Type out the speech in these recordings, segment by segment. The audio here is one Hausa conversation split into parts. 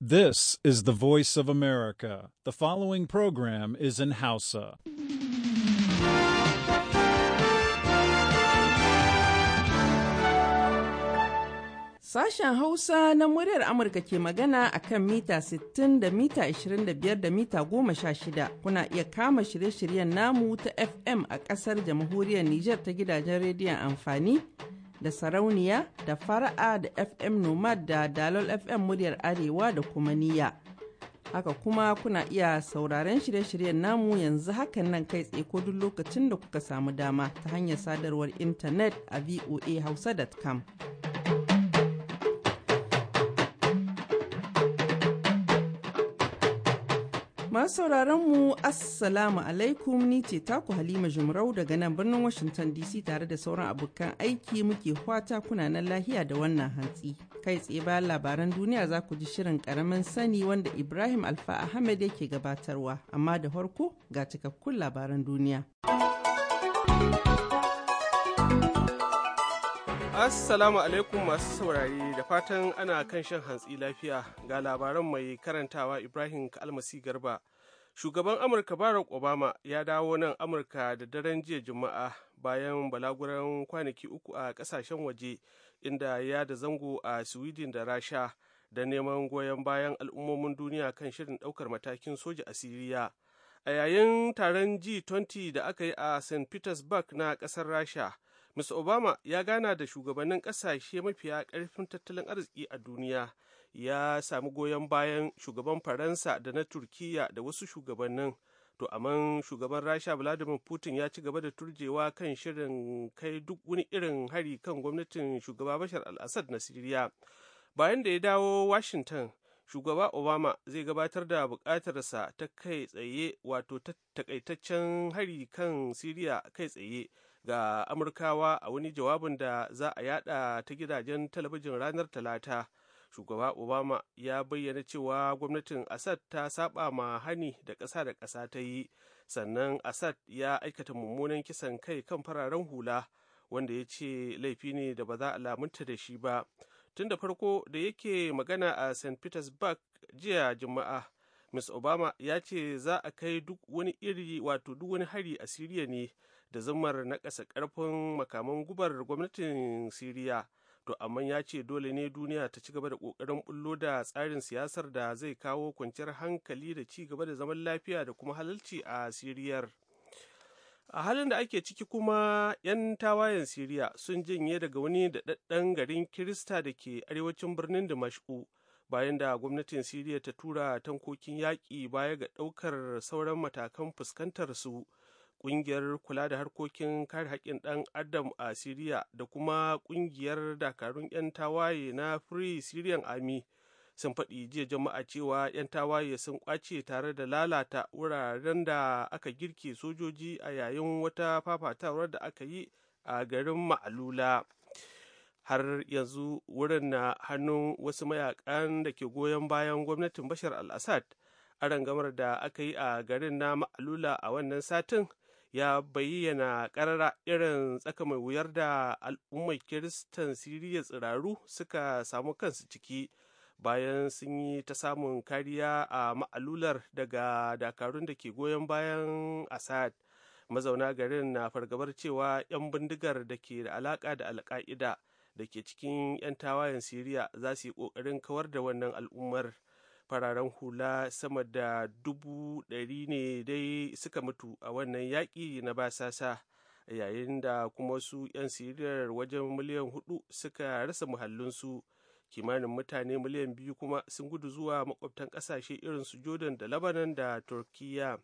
This is the voice of America. The following program is in Hausa. Sashen Hausa na muryar Amurka ke magana a kan mita 60 da mita 25 da mita 16 kuna iya kama shirye-shiryen namu ta FM a ƙasar jamhuriyar Nijar ta gidajen rediyon amfani. da sarauniya da fara'a da fm nomad da dalol fm muryar arewa da kuma niyya haka kuma kuna iya sauraron shirye-shiryen namu yanzu hakan nan kai tsaye ko duk lokacin da kuka samu dama ta hanyar sadarwar intanet a voahausa.com sauraron mu Assalamu alaikum ni ce taku Halima Jumrau daga nan birnin Washington DC tare da sauran abokan aiki muke fata kuna nan lahiya da wannan hantsi. Kai tsaye bayan labaran duniya za ku ji shirin karamin sani wanda Ibrahim Alfa Ahmed yake gabatarwa, amma da farko ga cikakkun labaran duniya. Assalamu alaikum masu saurari da fatan ana kan shan hantsi lafiya ga labaran mai karantawa Ibrahim Kalmasi Garba. Shugaban Amurka Barack Obama ya dawo nan Amurka da daren jiya Juma'a bayan balaguran kwanaki uku a kasashen waje inda ya da zango a Sweden da Rasha da neman goyon bayan al'ummomin duniya kan shirin ɗaukar matakin soja a Siriya. A yayin taron G20 da aka yi a St. Petersburg na ƙasar Rasha, Mr. Obama ya gana da shugabannin ƙasashe mafiya karfin tattalin arziki a duniya ya sami goyon bayan shugaban Faransa da na Turkiyya da wasu shugabannin. To amma shugaban Rasha Vladimir Putin ya ci gaba da turjewa kan shirin kai duk wani irin hari kan gwamnatin shugaba Bashar al-Assad na Siriya. Bayan da ya dawo Washington, shugaba Obama zai gabatar da buƙatarsa ta kai tsaye wato takaitaccen hari kan Siriya kai tsaye. ga amurkawa a wani jawabin da za a yada ta gidajen talabijin ranar talata shugaba obama ya bayyana cewa gwamnatin assad ta saba ma hani da ƙasa da ƙasa ta yi sannan assad ya aikata mummunan kisan kai kan fararen hula wanda ya ce laifi ne da ba za a lamunta da shi ba tun da farko da yake magana a st petersburg jiya juma'a ms obama ya ce za a kai duk wani iri wato duk wani hari a siriya ne da zumar na ƙasa ƙarfin makaman gubar gwamnatin siriya to amma ya ce dole ne duniya ta ci gaba da ƙoƙarin bullo da tsarin siyasar da zai kawo kwanciyar hankali da ci gaba da zaman lafiya da kuma halalci a siriyar a halin da ake ciki kuma 'yan tawayen siriya sun jinye daga wani daɗaɗɗen garin kirista da ke arewacin birnin dimashku bayan da gwamnatin siriya ta tura tankokin yaƙi baya ga ɗaukar sauran matakan fuskantar su ƙungiyar kula da harkokin kare haƙƙin ɗan adam a siriya da kuma ƙungiyar dakarun 'yan tawaye na free syrian army sun faɗi jiya jama'a cewa 'yan tawaye sun ƙwace tare da lalata wuraren da aka girke sojoji a yayin wata fafatawar da aka yi a garin ma'alula har yanzu wurin na hannun wasu mayakan da ke goyon bayan gwamnatin bashar al-assad a rangamar da aka yi a garin na ma'alula a wannan satin ya bayyana karara irin tsaka mai wuyar da al'ummar kiristan siriya tsiraru suka samu kansu ciki bayan sun yi ta samun kariya a ma'alular daga dakarun da ke goyon bayan assad mazauna garin na fargabar cewa 'yan bindigar da ke da alaka da alka'ida da ke cikin 'yan tawayen siriya za su yi kokarin kawar da wannan al'ummar fararen hula sama da dubu ɗari ne dai suka mutu a wannan yaƙi na basasa yayin da kuma su 'yan siriyar wajen miliyan hudu suka rasa muhallinsu kimanin mutane miliyan biyu kuma sun gudu zuwa makwabtan ƙasashe irin su jordan da labanan da turkiya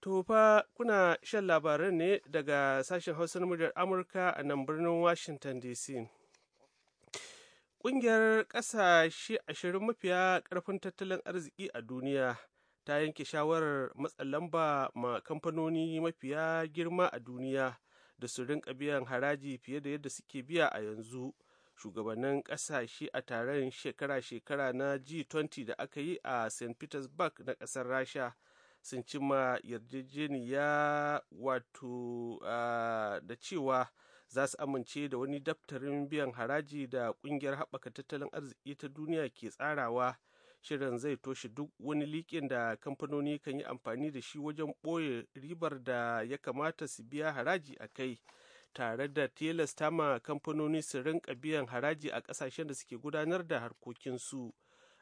tofa kuna shan labaran ne daga sashen hausa muryar Amurka a nan birnin Washington DC. Ƙungiyar ƙasashe ashirin mafiya ƙarfin tattalin arziki a duniya ta yanke shawarar matsa lamba ma kamfanoni mafiya girma a duniya da su rinka biyan haraji fiye da yadda suke biya a yanzu. Shugabannin ƙasashe a taron shekara-shekara na G20 da aka yi a St. Petersburg na ƙasar Rasha. sun cimma yarjejeniya wato ah, da cewa za su amince da wani daftarin biyan haraji da kungiyar haɓaka tattalin arziki ta duniya ke tsarawa shirin zai toshe duk wani liƙin da kamfanoni kan yi amfani da shi wajen ɓoye ribar da ya kamata su biya haraji a kai tare da tilasta ma kamfanoni su rinka biyan haraji a ƙasashen da suke gudanar da harkokinsu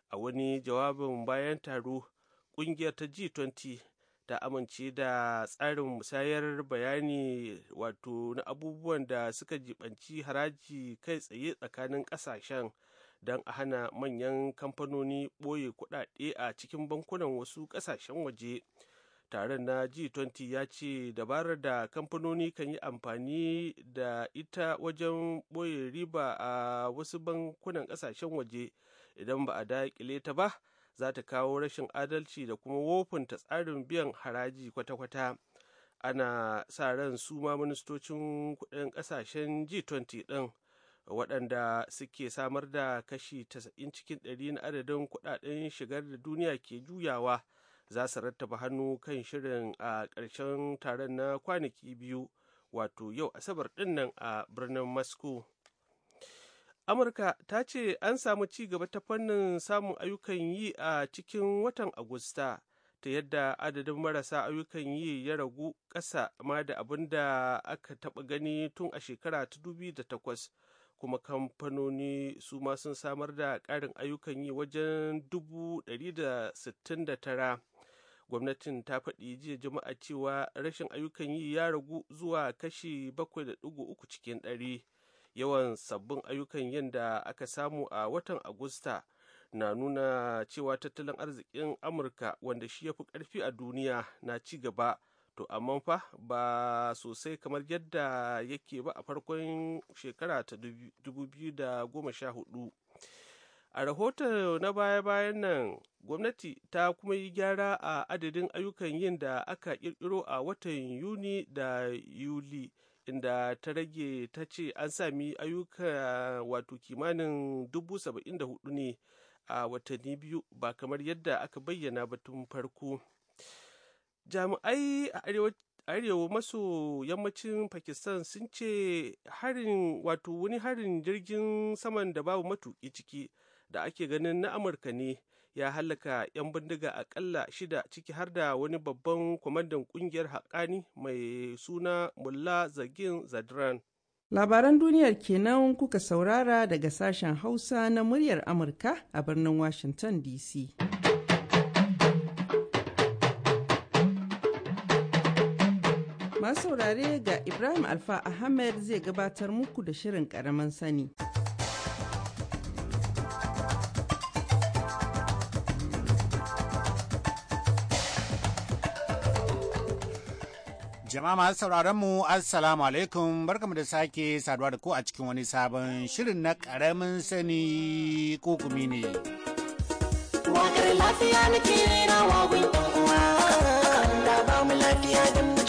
a wani jawabin bayan taro ƙungiyar ta g20 ta amince da tsarin musayar bayani wato na abubuwan da suka jibanci haraji kai tsaye tsakanin kasashen don a hana manyan kamfanoni ɓoye kuɗaɗe a cikin bankunan wasu ƙasashen waje taron na g20 ya ce dabarar da kamfanoni kan yi amfani da ita wajen ɓoye riba a wasu bankunan ƙasashen waje idan ba a daƙile ta ba za ta kawo rashin adalci da kuma wofinta tsarin biyan haraji kwata-kwata ana sa ran su ma ministocin kudin kasashen g20 din waɗanda suke samar da kashi 90 cikin 100 na adadin kudaden shigar da duniya ke juyawa za su rattaba hannu kan shirin a ƙarshen taron na kwanaki biyu wato yau asabar ɗinnan a birnin moscow amurka ta ce an samu ci gaba ta fannin samun ayyukan yi a cikin watan agusta ta yadda adadin marasa ayyukan yi ya ragu ƙasa ma da abin da aka taɓa gani tun a shekara ta da kuma kamfanoni su ma sun samar da ƙarin ayyukan yi wajen tara. gwamnatin ta faɗi jiya juma'a cewa rashin ayyukan yi ya ragu zuwa kashi 7.3 cikin ɗari. yawan sabbin ayyukan yin da aka samu a watan agusta na nuna cewa tattalin arzikin amurka wanda shi ya fi karfi a duniya na ci gaba to amma fa ba sosai kamar yadda yake ba a farkon shekara ta 2014 a rahoto na baya-bayan nan gwamnati ta kuma yi gyara a adadin ayyukan yin da aka kirkiro a watan yuni da yuli inda ta rage ta ce an sami ayyuka wato kimanin dubu hudu ne a watanni biyu ba kamar yadda aka bayyana ba tun farko jami'ai a arewa maso yammacin pakistan sun ce harin wato wani harin jirgin saman da babu matuki ciki da ake ganin na amurka ne ya hallaka 'yan bindiga akalla shida ciki har da wani babban kwamandan kungiyar haƙani mai suna mulla zagin zadran labaran duniyar kenan kuka saurara daga sashen hausa na muryar amurka a birnin washington dc masu saurare ga ibrahim alfa ahmed zai gabatar muku da shirin karamin sani Jama'a masu sauraron mu Assalamu alaikum barkamu da sake saduwa da ku a cikin wani sabon shirin na karamin sani kukumi ne. Wakar lafiya nake rawa gun uwa, da ba mu lafiya da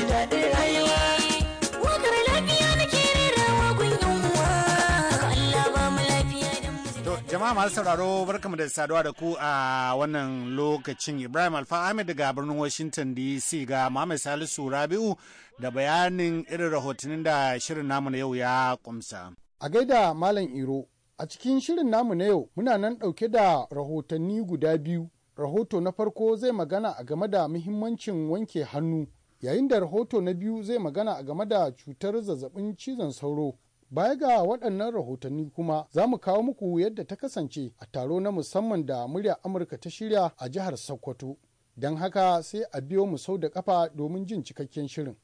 jama'a masu sauraro barkamu da saduwa da ku a wannan lokacin Ibrahim Alfa Ahmed daga birnin Washington DC ga Muhammad Salisu Rabi'u da bayanin irin rahotannin da shirin namu na yau ya kumsa. A gaida Malam Iro, a cikin shirin namu na yau muna nan ɗauke da rahotanni guda biyu. Rahoto na farko zai magana a game da muhimmancin wanke hannu, yayin da rahoto na biyu zai magana a game da cutar zazzabin cizon sauro Baya ga waɗannan rahotanni kuma za mu kawo muku yadda ta kasance a taro na musamman da murya Amurka ta shirya a jihar Sokoto. Don haka sai a biyo mu sau da kafa domin jin cikakken shirin.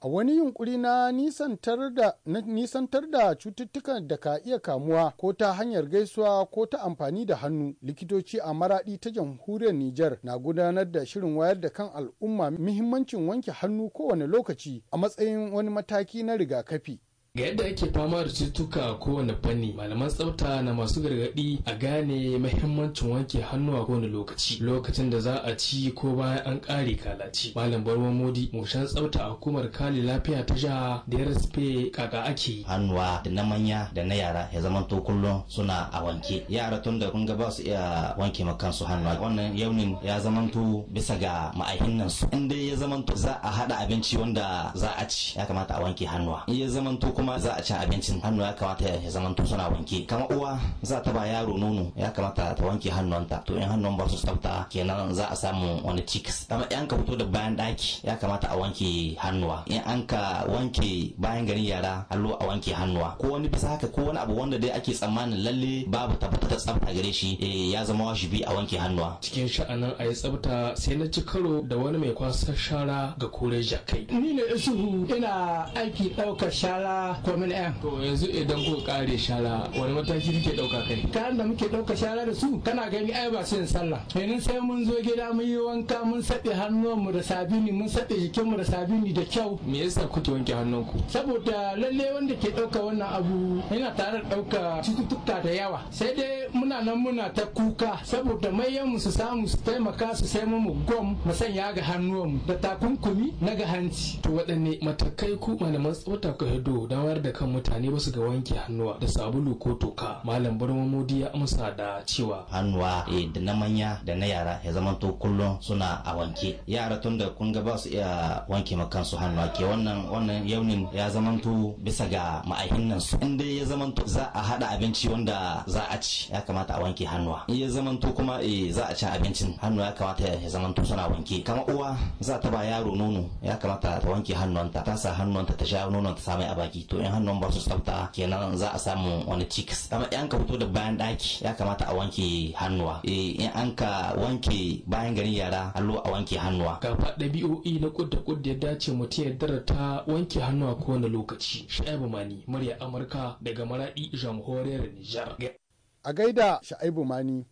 A wani yunkuri na nisantar da, da cututtukan da ka iya kamuwa ko ta hanyar gaisuwa ko ta amfani da hannu, likitoci a maraɗi ta jamhuriyar niger na gudanar da shirin wayar da kan al'umma muhimmancin wanke hannu kowane lokaci a matsayin wani mataki na rigakafi. ga yadda ake fama da cutuka kowane fanni malaman tsafta na masu gargaɗi a gane mahimmancin wanke hannu a kowane lokaci lokacin da za a ci ko bayan an ƙare kalaci malam barwa modi mushan tsafta a hukumar kare lafiya ta jiha da ya rasfe kaka ake hannuwa da na manya da na yara ya zama to kullum suna a wanke yara tun da kun ga ba su iya wanke ma kansu hannuwa wannan yaunin ya zama to bisa ga ma'ahinnan su in dai ya zama to za a hada abinci wanda za a ci ya kamata a wanke hannuwa in ya zama to kuma ma za a ci abincin hannu ya kamata ya zama to suna wanke kama uwa za ta ba yaro nono ya kamata ta wanke ta to in hannun ba su tsafta kenan za a samu wani cikas kama in ka fito da bayan daki ya kamata a wanke hannuwa in an ka wanke bayan garin yara allo a wanke hannuwa ko wani bisa haka ko wani abu wanda dai ake tsammanin lalle babu tabbata tsafta gare shi eh, ya zama bi a wanke hannuwa cikin sha'anin a yi tsafta sai na ci karo da wani mai kwasar shara ga kore jakai ni ne isuhu ina aiki ɗaukar shara shara ɗaya. to yanzu idan ko kare shara wani mataki kike ɗauka kai. kayan da muke ɗauka shara da su kana gani ai ba sun sallah. yanzu sai mun zo gida mun yi wanka mun saɓe hannuwanmu da sabini mun saɓe jikinmu da sabini da kyau. me yasa kuke wanke hannunku. saboda lalle wanda ke ɗauka wannan abu yana tare da ɗauka cututtuka da yawa sai dai muna nan muna ta kuka saboda mayanmu su samu su taimaka su sai mu gwam mu sanya ga hannuwanmu da takunkumi na ga hanci. to waɗanne matakai ku mana matsota ka hido ya da kan mutane basu ga wanke hannuwa da sabulu ko toka malam burma modi ya amsa da cewa hannuwa eh, da na manya da na yara ya zama to kullum suna a wanke yara tun da kun ga ba su iya wanke ma kansu hannuwa ke wannan wannan yaunin ya zama to bisa ga ma'ahinnan su in ya zama to za a hada abinci wanda za a ci ya kamata a wanke hannuwa in ya zama to kuma eh, za a ci abincin hannuwa ya kamata ya zama to suna wanke kama uwa za ta ba yaro nono ya kamata ta wanke hannuwanta ta sa hannuwanta ta sha nonon ta samai a baki to in hannun ba su tsafta kenan za a samu wani cikas amma in ka fito da bayan daki ya kamata a wanke hannuwa eh in an ka wanke bayan garin yara allo a wanke hannuwa ga fa dabi'o'i na kudda kudda ya dace mutum ya ta wanke hannuwa kowane lokaci shaibu mani murya amurka daga maradi jamhuriyar nijar a gaida shaibu mani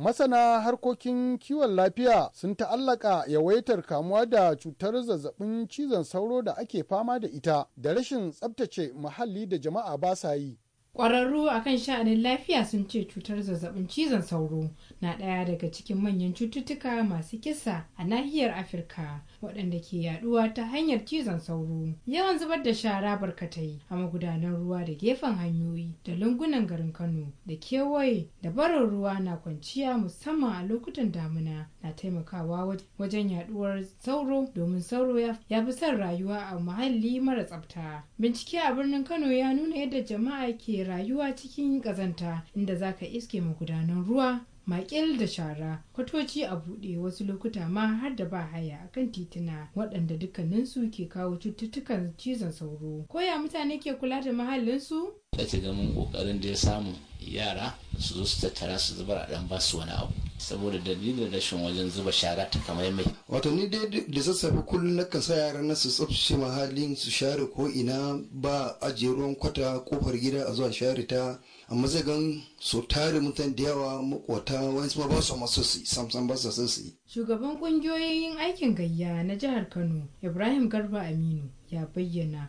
masana harkokin kiwon lafiya sun ta'allaka yawaitar kamuwa da cutar zazzabin cizon sauro da ake fama da ita da rashin tsabtace muhalli da jama'a ba sa yi Ƙwararru akan sha'anin lafiya sun ce cutar zazzabin cizon sauro na ɗaya daga cikin manyan cututtuka masu kisa a nahiyar afirka waɗanda ke yaɗuwa ta hanyar cizon sauro yawan zubar da shara barkatai a magudanan ruwa da gefen hanyoyi da lungunan garin kano da kewaye da barin ruwa na kwanciya musamman a lokutan damina na taimakawa wajen yaɗuwar sauro domin sauro ya fi son rayuwa a muhalli mara tsafta bincike a birnin kano ya nuna yadda jama'a ke rayuwa cikin ƙazanta inda za ka iske magudanan ruwa makil da shara kwatoci a buɗe wasu lokuta ma har da ba haya a kan tituna, waɗanda dukkaninsu ke kawo cututtukan cizon sauro koya mutane ke kula da mahallinsu ta ci gamin ƙoƙarin da ya samu yara su zo su tattara su zubar a ɗan basu wani abu saboda dalilin rashin wajen zuba shara ta kamar mai wato ni dai da sassafe kullum na kasa yara na su tsaftace mahallin su share ko ina ba ajiye ruwan kwata kofar gida a zuwa share ta a zai gan so tare mutane da yawa makwata wani ba su masu su samsan ba su su yi. shugaban kungiyoyin aikin gayya na jihar kano ibrahim garba aminu ya bayyana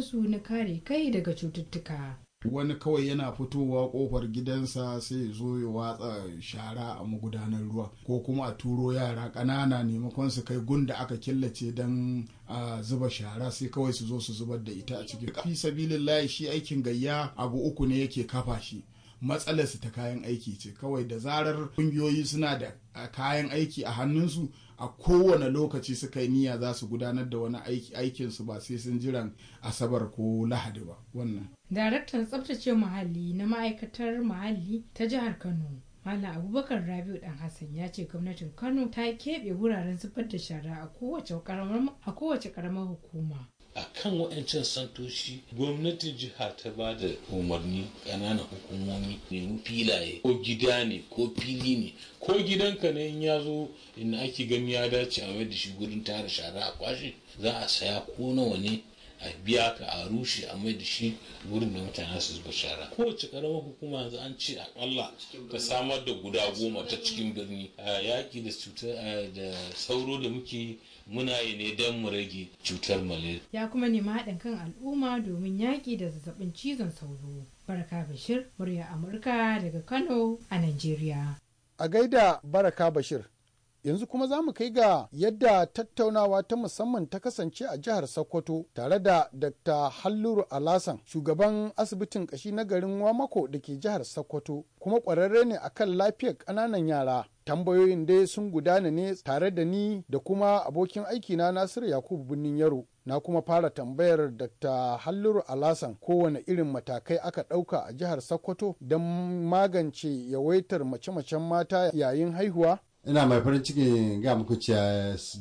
su na kare kai daga cututtuka. wani kawai yana fitowa kofar gidansa sai ya zo ya watsa shara a magudanar ruwa ko kuma a turo yara ƙanana ne su kai gunda aka killace don a zuba shara sai kawai su zo su zubar da ita a cikin fi layi, shi aikin gayya abu uku ne yake kafa shi matsalarsu ta kayan aiki ce kawai da zarar ƙungiyoyi suna da kayan aiki a hannunsu a kowane lokaci suka yi niyya za su gudanar da wani aikin su ba sai sun jiran asabar ko lahadi ba wannan daraktan tsabtace muhalli na ma'aikatar muhalli ta jihar kano Malam Abubakar Rabiu Dan Hassan ya ce gwamnatin Kano ta keɓe wuraren zubar da shara a kowace karamar hukuma a kan wa'ancan santoshi gwamnati jiha ta ba da umarni ƙananan hukumomi nemi filaye ko gida ne ko fili ne ko gidanka ne in ya zo in ake gani ya dace a da shi gurin tara shara a kwashe za a saya ko nawa ne a biya ka a rushe a mai da shi wurin da mutane su zuba shara kowace karamar hukuma za an ce akalla ta samar da guda goma ta cikin birni a yaki da cutar da sauro da muke muna yi ne don mu rage cutar malaria. Ya kuma nemi haɗin kan al'umma domin yaƙi da zazzabin cizon sauro. Baraka Bashir, murya Amurka daga Kano a Najeriya. A gaida Baraka Bashir. Yanzu kuma za mu kai ga yadda tattaunawa ta musamman ta kasance a jihar Sokoto tare da Dr. Halluru Alasan, shugaban asibitin kashi na garin Wamako da ke jihar Sokoto, kuma ƙwararre ne akan lafiyar ƙananan yara. Tambayoyin dai sun gudana ne tare da ni da kuma abokin aikina Nasiru Yakubu Birnin Yaro. na kuma fara tambayar Dr. Halluru Alasan kowane irin matakai aka ɗauka a jihar Sokoto don magance yawaitar mace-macen mata yayin haihuwa ina mai farin ciki ga muku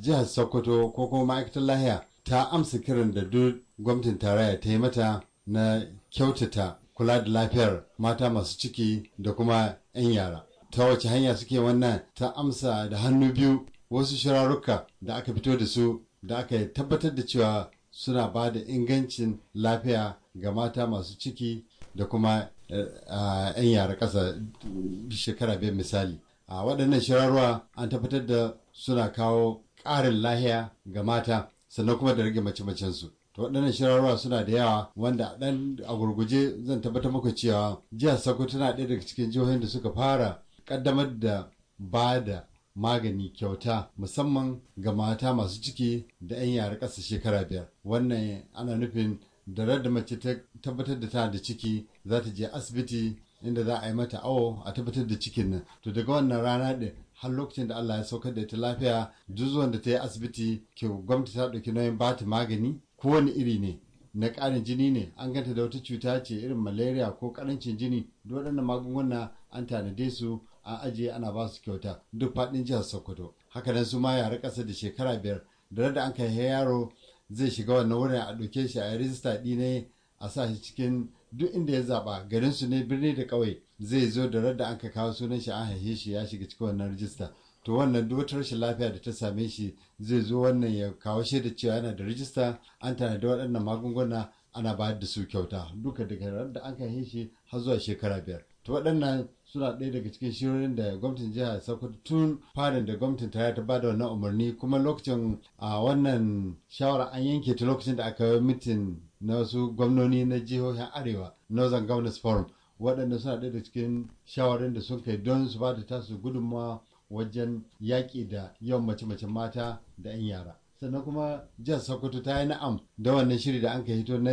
jihar sokoto ko kuma ma'aikatar lahiya ta amsa kiran da duk gwamnatin tarayya ta yi mata na kyautata kula da lafiyar mata masu ciki da kuma 'yan yara ta wace hanya suke wannan ta amsa da hannu biyu wasu shirarruka da aka fito da su da aka tabbatar da cewa suna ba da ingancin lafiya ga mata masu ciki da kuma 'yan eh, yara ƙasa shekara biyar misali a waɗannan shirarwa an tabbatar da suna kawo ƙarin lahiya ga mata sannan kuma da rage mace-macensu to waɗannan shirarwa suna da yawa wanda ɗan a gurguje zan tabbatar muku cewa jihar sokoto tana ɗaya daga cikin jihohin da suka fara ƙaddamar da ba da magani kyauta musamman ga mata masu ciki da 'yan yara ƙasa shekara biyar wannan ana nufin da da mace tabbatar da tana da ciki za ta je asibiti inda za a yi mata awo a tabbatar da cikin nan to daga wannan rana ɗin har lokacin da Allah ya saukar da ita lafiya duk da ta yi asibiti ke gwamnati ta ɗauki nauyin ba ta magani kowane iri ne na ƙarin jini ne an ganta da wata cuta ce irin malaria ko ƙarancin jini duk waɗannan magunguna an tanade su an ajiye ana ba su kyauta duk faɗin jihar Sokoto haka nan su ma yara ƙasa da shekara biyar da da an kai yaro zai shiga wannan wurin a ɗauke shi a rijista ɗi ne a sa shi cikin duk inda ya zaba garin su ne birni da kawai zai zo da radda an ka kawo sunan shi an haife shi ya shiga cikin wannan rijista to wannan duk wata rashin lafiya da ta same shi zai zo wannan ya kawo shi da cewa yana da rijista an da waɗannan magunguna ana bayar da su kyauta duka daga radda an ka haife shi har zuwa shekara biyar to waɗannan suna ɗaya daga cikin shirin da gwamnatin jihar sokoto tun farin da gwamnatin ta ta bada wannan umarni kuma lokacin a wannan shawara an yanke ta lokacin da aka yi mitin na wasu gwamnoni na jihohin arewa northern governors forum waɗanda suna ɗaya da cikin shawarar da sun kai don su ba da tasu gudunmawa wajen yaƙi da yawan mace mace mata da 'yan yara sannan kuma jihar sokoto ta yi na'am da wannan shiri da an ka hito na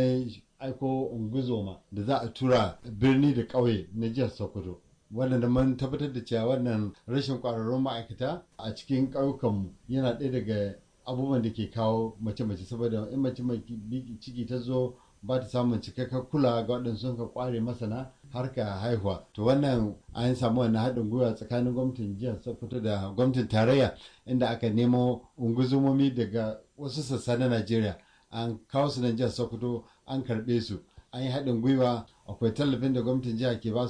aiko unguzoma da za a tura birni da ƙauye na jihar sokoto waɗanda mun tabbatar da cewa wannan rashin ƙwararrun ma'aikata a cikin ƙauyukanmu yana ɗaya daga abubuwan da ke kawo mace-mace saboda in mace mai ciki ta zo ba ta samun cikakken kula ga waɗansu sun ka kware masana harka haihuwa to wannan an samu wannan haɗin gwiwa tsakanin gwamnatin jihar sokoto da gwamnatin tarayya inda aka nemo unguzumomi daga wasu sassa na najeriya an kawo su nan jihar sokoto an karɓe su an yi haɗin gwiwa akwai tallafin da gwamnatin jiha ke ba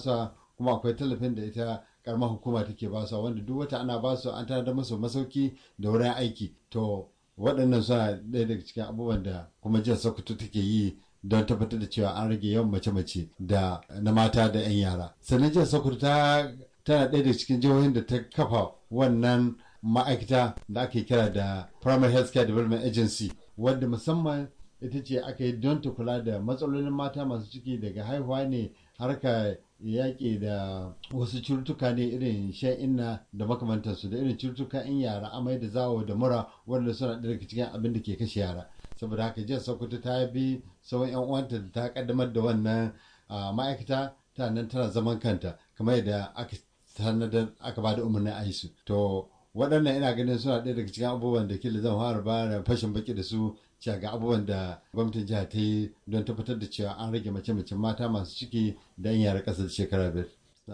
kuma akwai tallafin da ita karamar hukuma take su wanda duk wata ana ba su an tanadar musu masauki da wurin aiki to waɗannan suna ɗaya daga cikin abubuwan da kuma jihar sokoto take yi don tabbatar da cewa an rage yawan mace-mace da na mata da 'yan yara sannan jihar sokoto ta tana ɗaya daga cikin jihohin da ta kafa wannan ma'aikata da ake kira da primary health care development agency wadda musamman ita ce aka yi don ta kula da matsalolin mata masu ciki daga haihuwa ne harka yaƙi da wasu cututtuka ne irin sha'inna da makamantansu da irin cututtuka in yara amai da zawo da mura wanda suna daga cikin abin da ke kashe yara saboda haka jiya sokoto ta bi sauran yan uwanta da ta kaddamar da wannan ma'aikata ta nan tana zaman kanta kamar yadda aka sanadar aka bada umarnin a to waɗannan ina ganin suna ɗaya daga cikin abubuwan da kila zan fara ba fashin baki da su cewa ga abubuwan da gwamnatin jiha ta yi don tabbatar da cewa an rage mace-macen mata masu ciki da yara ƙasa da shekara biyar.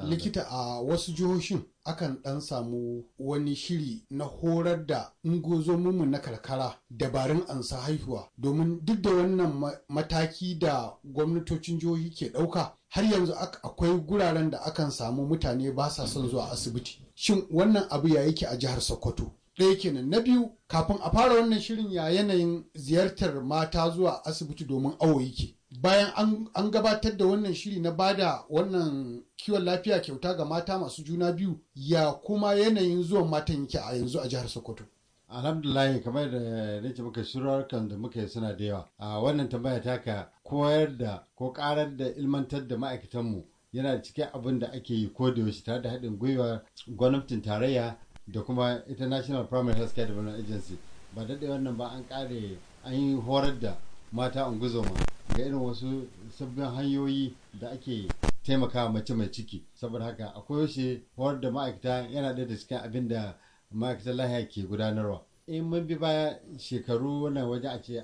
likita a wasu jihohin akan ɗan samu wani shiri na horar da mumu na karkara dabarun ansa haihuwa domin duk da wannan mataki da gwamnatocin jihohi ke ɗauka har yanzu akwai guraren da akan samu mutane ba sa son zuwa asibiti shin wannan abu ya yake a jihar sokoto ɗaya kenan na biyu kafin a fara wannan shirin ya yanayin ziyartar mata zuwa asibiti domin awo yake bayan an gabatar da wannan shiri na bada wannan kiwon lafiya kyauta ga mata masu juna biyu ya kuma yanayin zuwan matan yake a yanzu a jihar sokoto alhamdulillah kamar da nake maka shirarkan da muka yi suna da yawa a wannan tambaya ka koyar da ko karar da ilmantar da ma'aikatanmu yana cike abin da ake yi ko da yaushe tare da haɗin gwiwa gwamnatin tarayya da kuma international primary health care development agency ba daɗe wannan ba an ƙare an yi horar da mata unguzoma ga irin wasu sabbin hanyoyi da ake taimakawa mace mai ciki saboda haka akwai yaushe horar da ma'aikata yana ɗaya da cikin abin da ma'aikatan lahiya ke gudanarwa in mun bi baya shekaru wannan waje a ce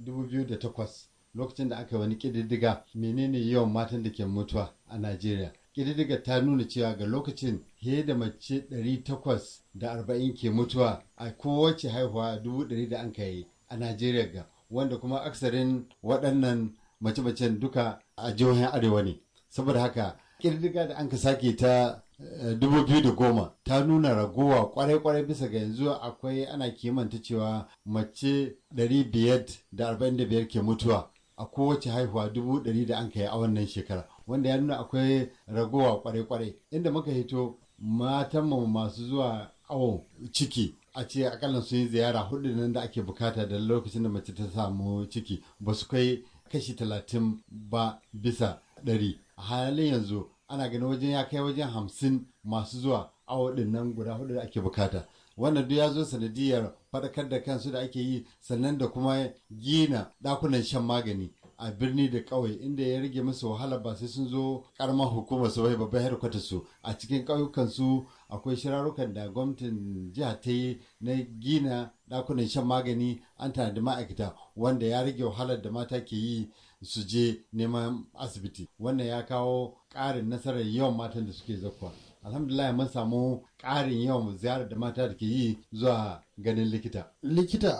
dubu biyu da takwas lokacin da aka wani ƙididdiga menene yawan matan da ke mutuwa a najeriya ƙididdiga ta nuna cewa ga lokacin fiye da mace 840 ke mutuwa a kowace haihuwa dubu da an kai a Najeriya ga wanda kuma aksarin waɗannan mace-macen duka a jihohin arewa ne. Saboda haka ƙididdiga da an ka sake ta eh, dubu biyu da goma ta nuna ragowa kwarai-kwarai bisa ga yanzu akwai ana kimanta cewa mace 545 ke mutuwa a kowace haihuwa 100 da an kai a wannan shekara. wanda ya nuna akwai ragowa kwarai-kwarai inda muka hito matanmu masu zuwa awo ciki a ce akalla sun yi ziyara hudu nan da ake bukata da lokacin da mace ta samu ciki ba su kai kashi talatin ba bisa ɗari a halin yanzu ana ganin wajen ya kai wajen hamsin masu zuwa awo din nan guda hudu da ake bukata wannan duk ya zo sanadiyar faɗakar da kansu da ake yi sannan da kuma gina ɗakunan shan magani a birni da ƙauye inda ya rage musu wahala ba sai sun zo karamar hukumar su bai babban harkar su a cikin ƙauyukan su akwai shirarukan da gwamnatin jiha ta yi na gina ɗakunan shan magani an tanadi ma'aikata wanda ya rage wahalar da mata ke yi su je neman asibiti wannan ya kawo ƙarin nasarar yawan matan da suke zakwa alhamdulillah mun samu ƙarin yawan ziyarar da mata da ke yi zuwa ganin likita. Likita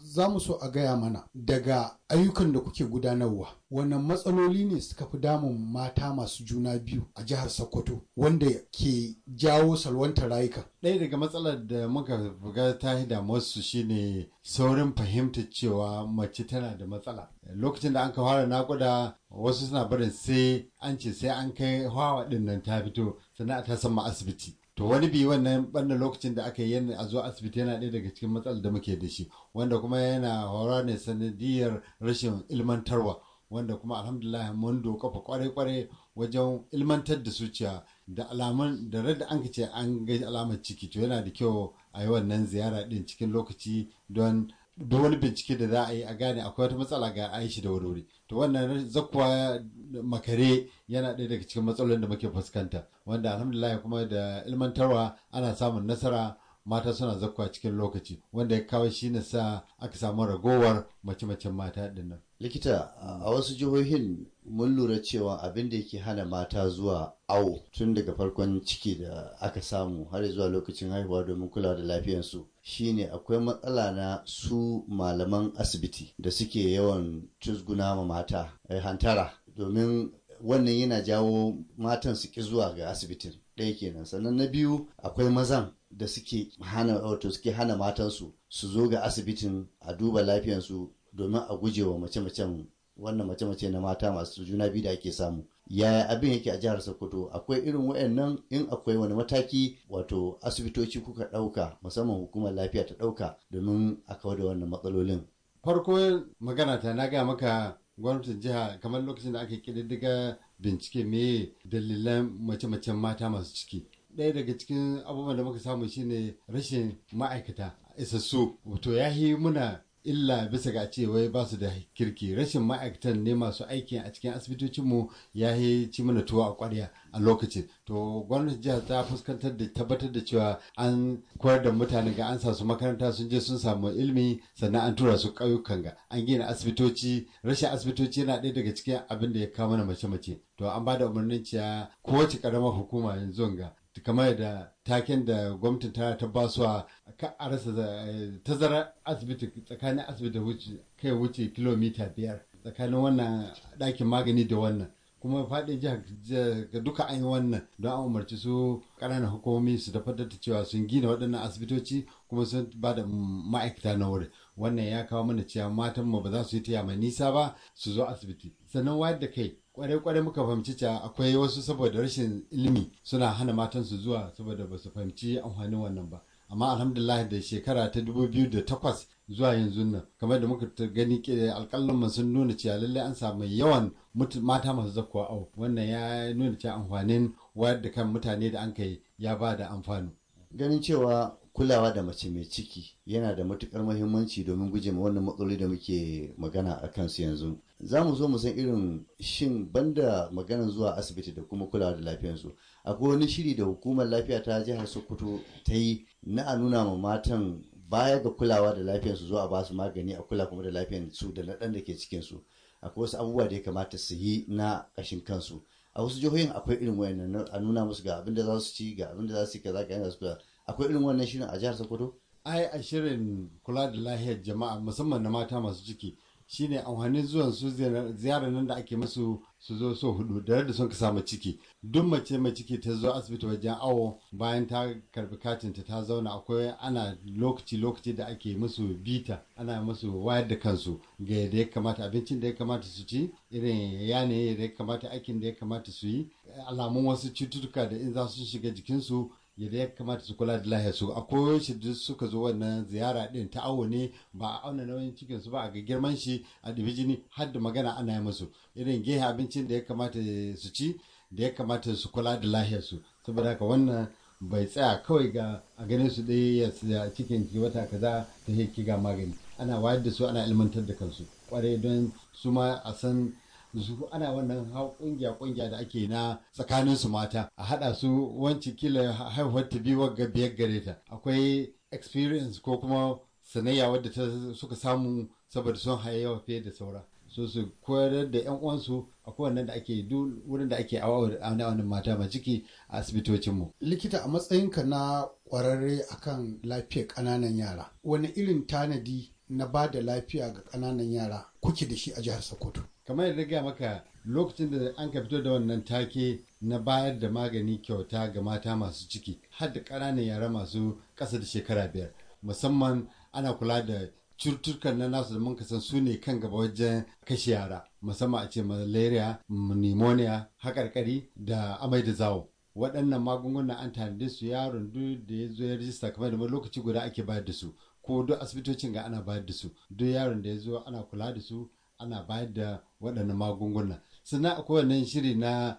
za mu so a gaya mana daga ayyukan da kuke gudanarwa wannan matsaloli ne suka fi damun mata masu juna biyu a jihar Sokoto wanda ke jawo salwanta rayuka. Ɗaya daga matsalar da muka buga ta damuwarsu ne saurin fahimtar cewa mace tana da matsala. Lokacin da an ka fara naƙuda wasu suna barin sai an ce sai an kai hawa ɗin nan ta fito sannan ta san asibiti. to wani bi wannan banda lokacin da aka yi a zuwa asibiti yana ɗaya daga cikin matsalar da muke da shi wanda kuma yana horar ne sanadiyar rashin ilmantarwa wanda kuma alhamdulillah mun dokafa kwarai-kwarai wajen ilmantar da zuciya da alamun da rada an ce an ga alamar ciki to yana da kyau a yi wannan ziyara din cikin lokaci don duk wani bincike da za a yi a gane akwai wata matsala ga aishi da wuri to wannan zakwa makare yana ɗaya daga cikin matsalolin da muke fuskanta wanda alhamdulillah kuma da ilmantarwa ana samun nasara mata suna zakwa cikin lokaci wanda ya kawo shi na sa aka samu ragowar mace-macen mata ɗinnan likita a wasu jihohin mun lura cewa abin da yake hana mata zuwa awo tun daga farkon ciki da aka samu har zuwa lokacin haihuwa domin kula da lafiyarsu shine akwai matsala na su malaman asibiti da suke yawan cusguna ma mata eh, hantara domin wannan yana jawo matan su ki zuwa ga asibitin ɗaya kenan sannan na biyu akwai mazan da suke hana wato suke hana matansu su zo ga asibitin a duba lafiyarsu domin a guje wa mace-macen wannan mace-mace na mata masu juna biyu da ake samu yaya abin yake a jihar sokoto akwai irin wayannan in akwai wani mataki wato asibitoci kuka ɗauka musamman hukumar lafiya ta ɗauka domin a kawar da wannan matsalolin farko magana ta na gaya maka gwamnatin jiha kamar lokacin da aka kididdiga bincike me dalilan mace-macen mata masu ciki ɗaya daga cikin abubuwan da muka samu shine rashin ma'aikata isassu wato ya yi muna illa bisa ga cewa ba su da kirki rashin ma'aikatan ne masu aiki a cikin asibitocinmu ya yi ci mana tuwa a kwarya a lokacin to gwamnati jihar ta fuskantar da tabbatar da cewa an koyar da mutane ga an su makaranta sun je sun samu ilimi sannan an tura su ƙauyukan ga an gina asibitoci rashin asibitoci yana ɗaya daga cikin abin da ya kawo mana mace-mace to an ba da umarnin cewa kowace ƙaramar hukuma yanzu ga kamar da taken da gwamnatin ta ta ba su a rasa eh, tazarar asibiti tsakanin asibiti wuce kai wuce kilomita biyar tsakanin wannan ɗakin magani da wannan kuma faɗin jihar ga duka an yi wannan don an umarci su ƙananan hukumomi su da da cewa sun gina waɗannan asibitoci kuma sun ba da ma'aikata na wuri. wannan ya kawo mana cewa matan mu ba za su yi taya mai nisa ba su zo asibiti sannan wayar da kai kwarai-kwarai muka fahimci cewa akwai wasu saboda rashin ilimi suna hana matansu zuwa saboda ba su fahimci amfanin wannan ba amma alhamdulillah da shekara ta 2008 zuwa yanzu nan kamar da muka gani alƙalin sun nuna cewa lallai an samu yawan mata masu zakuwa au wannan ya nuna cewa amfanin wayar da kan mutane da an kai ya ba da amfani ganin cewa kulawa da mace mai ciki yana da matukar muhimmanci domin guje ma wannan matsaloli da muke magana a kansu yanzu za mu zo mu san irin shin banda maganar zuwa asibiti da kuma kulawa da lafiyarsu akwai wani shiri da hukumar lafiya ta jihar sokoto ta yi na a nuna ma matan baya ga kulawa da lafiyansu zuwa a basu magani a kula kuma da lafiyar su da na ɗan da ke cikin su akwai wasu abubuwa da ya kamata su yi na ƙashin kansu a wasu jihohin akwai irin wayannan a nuna musu ga abin da za su ci ga abin da za su yi kaza ga yanda su kula akwai irin wannan shirin a jihar sokoto ai a shirin kula da lafiyar jama'a musamman na mata masu ciki shine amfanin zuwan su ziyarar nan da ake masu su zo so hudu da da sun ka samu ciki duk mace mai ciki ta zo asibiti wajen awo bayan ta karbi katinta ta zauna akwai ana lokaci lokaci da ake musu bita ana masu wayar da kansu ga da ya kamata abincin da ya kamata su ci irin yanayi da ya kamata aikin da ya kamata su yi alamun wasu cututtuka da in za su shiga jikinsu da ya kamata su kula da lahiyar su a koyaushe duk suka zo wannan ziyara din ta awo ne ba a auna nauyin cikin su ba a ga girman shi a dibijini har da magana ana yi musu irin gehe abincin da ya kamata su ci da ya kamata su kula da lahiyar su saboda haka wannan bai tsaya kawai ga a ganin su dai ya cikin ki wata kaza ta ki ga magani ana wayar da su ana ilmantar da kansu kwarai don su ma a san su ana wannan kungiya kungiya da ake na tsakanin su mata a haɗa su wancin kila haihuwar ta biyu ga biyar gare ta akwai experience ko kuma sanayya wadda ta suka samu saboda sun yawa fiye da saura su su koyar da yan uwansu a kowannan da ake du wurin da ake awa da mata ma ciki a asibitocin mu likita a matsayinka na kwararre akan lafiyar ƙananan yara wani irin tanadi na ba da lafiya ga ƙananan yara kuke da shi a jihar sokoto kamar yadda gaya maka lokacin da an ka fito da wannan take na bayar da magani kyauta ga mata masu ciki har da ƙananan yara masu ƙasa da shekara biyar musamman ana kula da cututtukan na nasu da muka san su ne kan gaba wajen kashe yara musamman a ce malaria pneumonia haƙarƙari da amai da zawo waɗannan magunguna an tanade su yaron duk da ya zo ya rijista kamar da lokaci guda ake bayar da su ko duk asibitocin ga ana bayar da su duk yaron da ya zo ana kula da su ana bayar da waɗannan magunguna sannan akwai wannan shiri na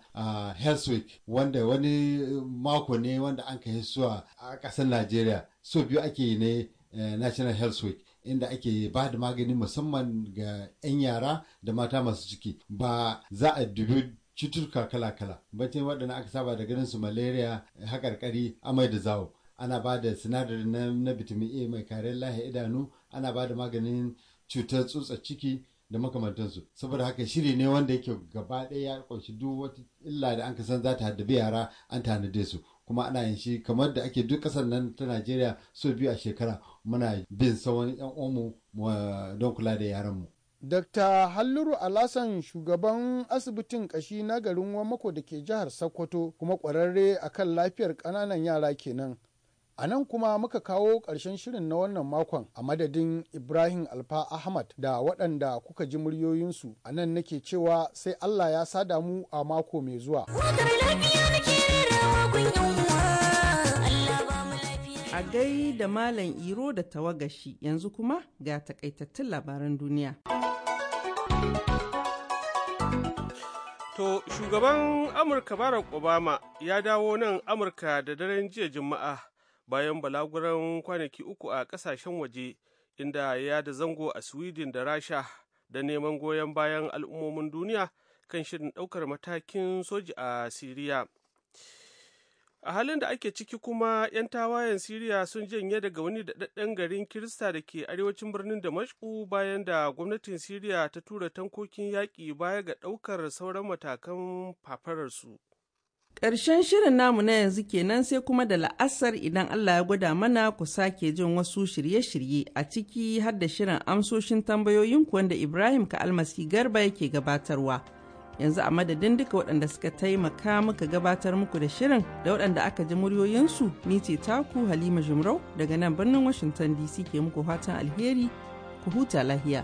health week wanda wani mako ne wanda an kai suwa a ƙasar najeriya so biyu ake yi ne eh, national health week inda ake ba da magani musamman ga 'yan yara da mata masu ciki ba za a dubi cututtuka kala-kala bacin waɗanda aka saba da ganin su malaria haƙarƙari amai da zawo ana ba da sinadari na vitamin a mai kare lahi idanu ana ba da maganin cutar tsutsar ciki da makamantansu saboda haka shiri ne wanda yake gaba ɗaya ya ƙunshi duk wata illa da an ka san za ta haddabi yara an tanade su kuma ana yin shi kamar da ake duk ƙasar nan ta Najeriya so biyu a shekara muna bin sauran ƴan uwanmu don kula da mu. Dr. Halluru Alasan shugaban asibitin kashi na garin Wamako da ke jihar Sokoto kuma kwararre akan lafiyar ƙananan yara kenan. A nan kuma muka kawo ƙarshen shirin na wannan makon a madadin Ibrahim Alfa Ahmad da waɗanda kuka ji muryoyinsu a nan nake cewa sai Allah ya sada mu a mako mai zuwa. A gai da Malam Iro da tawagashi yanzu kuma ga takaitattun labaran duniya. To, shugaban Amurka Barack Obama ya dawo nan Amurka da daren jiya Juma'a. bayan balaguran kwanaki uku a ƙasashen waje inda ya da zango a sweden da rasha da neman goyon bayan al'ummomin duniya kan shirin ɗaukar matakin soji a siriya a halin da ake ciki kuma 'yan tawayen siriya sun janye daga wani daɗaɗɗen garin kirista da ke arewacin birnin damasku bayan da gwamnatin siriya ta tura tankokin yaƙi baya ga ɗaukar sauran matakan fafararsu Ƙarshen shirin namu na yanzu kenan sai kuma da la'asar idan Allah ya gwada mana ku sake jin wasu shirye-shirye a ciki har da shirin amsoshin tambayoyin ku wanda Ibrahim ka almasi garba yake gabatarwa. Yanzu a madadin duka waɗanda suka taimaka muka gabatar muku da shirin da waɗanda aka ji muryoyinsu ni ce taku Halima Jumrau daga nan birnin Washington DC ke muku fatan alheri ku huta lahiya.